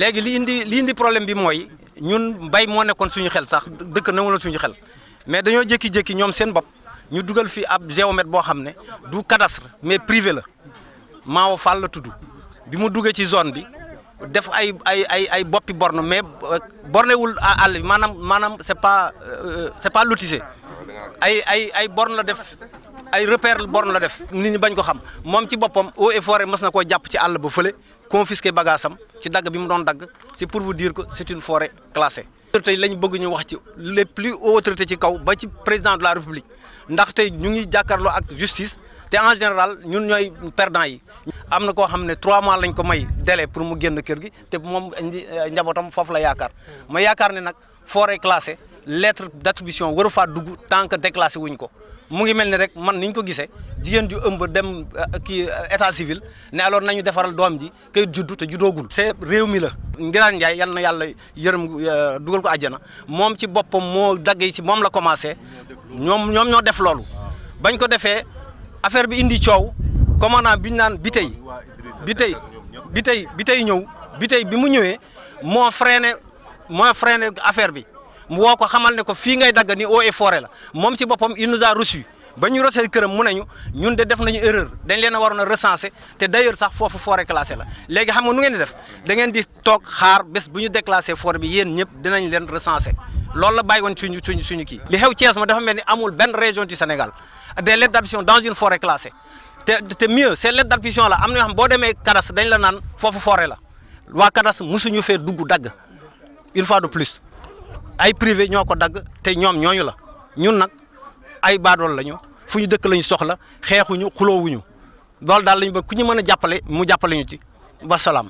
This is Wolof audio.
léegi li indi li indi problème bi mooy ñun mbay moo nekkoon suñu xel sax dëkk nangu la suñu xel mais dañoo jékki-jékki ñoom seen bopp ñu dugal fi ab géomètre boo xam ne du cadastre mais privé la Maawo Fall la tudd bi mu duggee ci zone bi def ay ay ay ay boppi borne mais euh, bornewul àll bi maanaam maanaam c'est pas euh, euh, c'est pas lotissé ay ay ay borne la def ay repère borne la def nit ñi bañ ko xam moom ci boppam eaux et forêt mës na koo jàpp ci àll ba fële confisqué bagage am ci dagg bi mu doon dagg c'est pour vous dire que c'est une forêt classée. autorité yi lañ bëgg ñu wax ci les plus hautes autorités ci kaw ba ci président de la république ndax tey ñu ngi jàkkaarloo ak justice te en général ñun ñooy perdant yi. am na koo xam ne trois mois lañ ko may délai pour mu génn kër gi te moom euh, njabootam foofu la yaakaar ma yaakaar ne nag forêt classée lettre d'attribution waru faa dugg tant que déclassé wuñ ko. mu ngi mel ni rek man niñ ko gisee jigéen ju ëmb dem euh, kii euh, état civil ne alors nañu defaral doom ji kay juddu te juddoogul c'est réew mi la Ngiraan Njaay yal na yàlla yërëm euh, dugal ko àjjana moom ci boppam moo daggee si moom la commencé ñoom ñoom ñoo def loolu bañ ko defee affaire bi indi coow commandant bi ñu naan bi tey bi tey bi tey bi tey ñëw bi tey bi mu ñëwee moo freiné moo freiné affaire bi mu woo ko xamal ne ko fii ngay dagg ni eaux et forêt la moom ci boppam il nous a reçu ba ñu rosee këram mu ñun de def nañu erreur dañ leen a waroon a recenser te d'ailleurs sax foofu forêt classée la léegi xam nga nu ngeen di def da ngeen di toog xaar bés bu ñu déclassé foore bi yéen ñëpp dinañ leen recenser loolu la bàyyi woon suñu suñu suñu kii. li xew Thiès ma dafa mel ni amul benn région du Sénégal des lettres d'admission dans une forêt classée te te se ces lettres d'admission la am na yoo boo demee Kadas dañ la naan foofu forêt la waa Kadas mosuñu fee dugg dagg une ay privé ñoo ko dagg te ñoom ñooñu la ñun nag ay baadool ñu fu ñu dëkk la ñu soxla xeexuñu xuloowuñu loolu daal lañu bëgg ku ñu mën a jàppale mu jàppale ñu ci wasalaam